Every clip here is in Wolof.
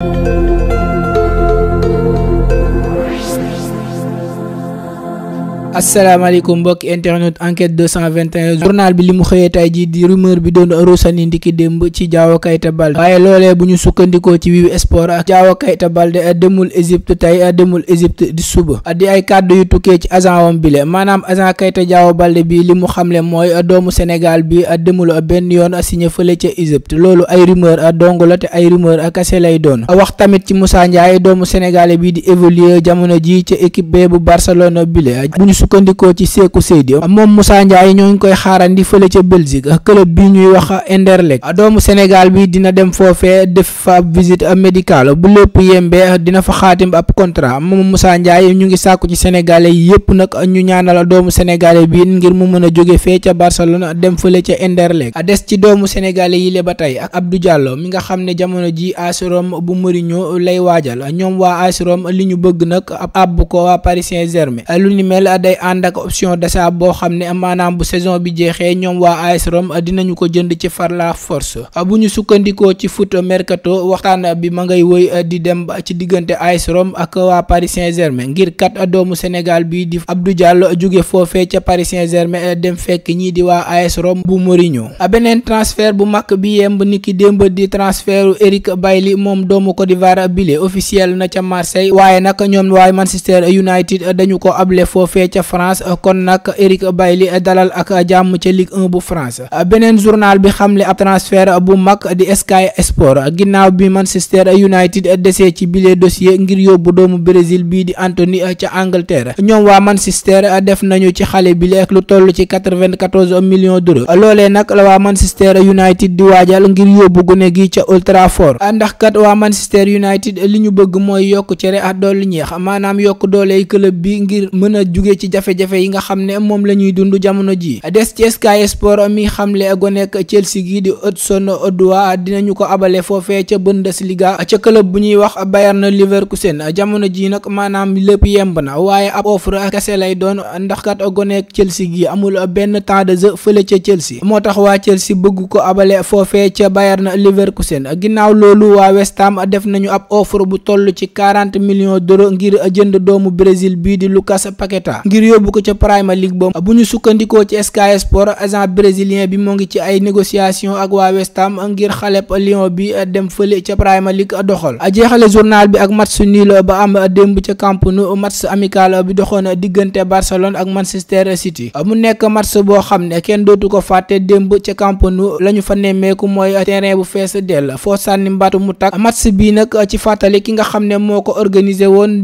thank you asalaamaaleykum mbokk internet enquête 221 journal bi li mu xëyee tey ji di rumeur bi doon arosani ndiki démb ci Diao Keita Baldé waaye loolee bu ñu sukkandikoo ci wiw sport ak Diao Keita Baldé euh, demul Égypte tey euh, demul Égypte di suba euh, di ay kàddu yu tukkee ci agent wam bile maanaam agent Keita Diao Baldé bi li mu xamle mooy doomu Sénégal bi a demul benn yoon signé fële ca Égypte loolu ay rumeur dong la te ay rumeur kase lay doon wax tamit ci Moussa Ndiaye doomu Sénégal bi di évoluer jamono ji ca équipe B bu Barcelone bile sukkandikoo ci Sékou Sédio moom Moussa Ndiaye ñoo ngi koy xaarandi fële ca Belgique club bi ñuy wax a doomu Sénégal bi dina dem foofee def fa ab visite médicale bu lépp yembe dina fa xaatim ab contrat moom Moussa Ndiaye ñu ngi sàkku ci sénégalais yépp nag ñu ñaanal doomu sénégalais bi ngir mu mën a jóge fee ca Barcelone dem fële ca Anderlecht des ci doomu sénégalais yi le ba tey ak Abdou jàlloo mi nga xam ne jamono ji AS Rome bu Mourinho lay waajal ñoom waa AS li ñu bëgg nag ab ko ànd ak option d'achat boo xam ne maanaam bu saison bi jeexee ñoom waa AS Rome dinañu ko jënd ci far la force bu ñu sukkandikoo ci foot mercato waxtaan bi ma ngay woy di dem ci diggante AS Rome ak waa Paris Saint-Germain ngir kat doomu Sénégal bi di Abdou Diallo jóge foofee ca Paris Saint-Germain dem fekk ñii di waa AS Rome bu Mourinho beneen transfert bu mag bi yemb niki démb di transfertu Eric Bailly moom doomu Côte d'Ivoire bile officiel na ca France kon nag Eric Bailly dalal ak jàmm ca Ligue 1 bu France beneen journal bi xamle ab transfert bu mag di Sky Sport ginnaaw bi Manchester United desee ci bile dossier ngir yóbbu doomu Brésil bii di Anthony ca Angleterre ñoom waa Manchester def nañu ci xale bile ak lu toll ci quatre-vingt-quatorze millions d'euros loolee nag la waa Manchester United di waajal ngir yóbbu gune gi ca Old Trafford waa Manchester United li ñu bëgg mooy yokk cere ak dolli ñeex maanaam ci jafe-jafe yi nga xam ne moom la ñuy dund jamono ji des ci Sky Sport mi xamle gonek Chelsea gi di Hudson dina dinañu ko abale foofee ca Bundesliga ca club bu ñuy wax Bayern Leverkusen jamono ji nag maanaam lépp yemb na waaye ab offre kese lay doon ndax kat gonek Chelsea gi amul benn temps de jeu fële ca Chelsea moo tax waa Chelsea bëgg ko abale foofee ca Bayern a ginnaaw loolu waa West def nañu ab offre bu toll ci quarante millions d'euros ngir jënd doomu Brésil bii di Lucas Paqueta ngir yóbbu ko bu ñu sukkandikoo ci Sky agent brésilien bi moo ngi ci ay négociation ak waa West Ham ngir xaleb Lyon bi dem fële ca Premier League a jeexale journal bi ak match nul ba am démb ca Camp Nou match amical bi a diggante Barcelone ak Manchester City mu nekk match boo xam ne kenn dootu ko fàtte démb ca Camp Nou fa nemmeeku mooy terrain bu fees dell foo sànni mbaatu mu tak match bi nag ci fàttali ki nga xam ne moo ko organisé woon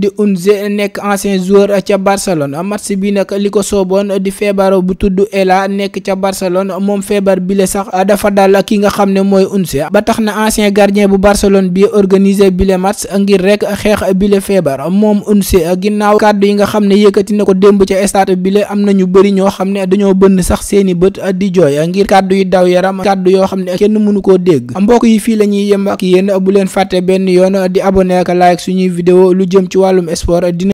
mars bi nag li ko sooboon di feebar bu tudd Ela nekk ca Barcelone moom feebar bile sax dafa dal ki nga xam ne mooy unse ba tax na ancien gardien bu Barcelone bi organisé bile match ngir rek xeex bile feebar moom unse ginnaaw kàddu yi nga xam ne yëkkati na ko démb ca stade bile am na ñu bëri ñoo xam ne dañoo bënn sax seeni bët di jooy ngir kàddu yu daw yaram kàddu yoo xam ne kenn mënu ko dégg mbokk yi fii la ñuy yem ak yéen bu leen fàtte benn yoon di abonné ak like suñuy vidéo lu jëm ci wàllum sport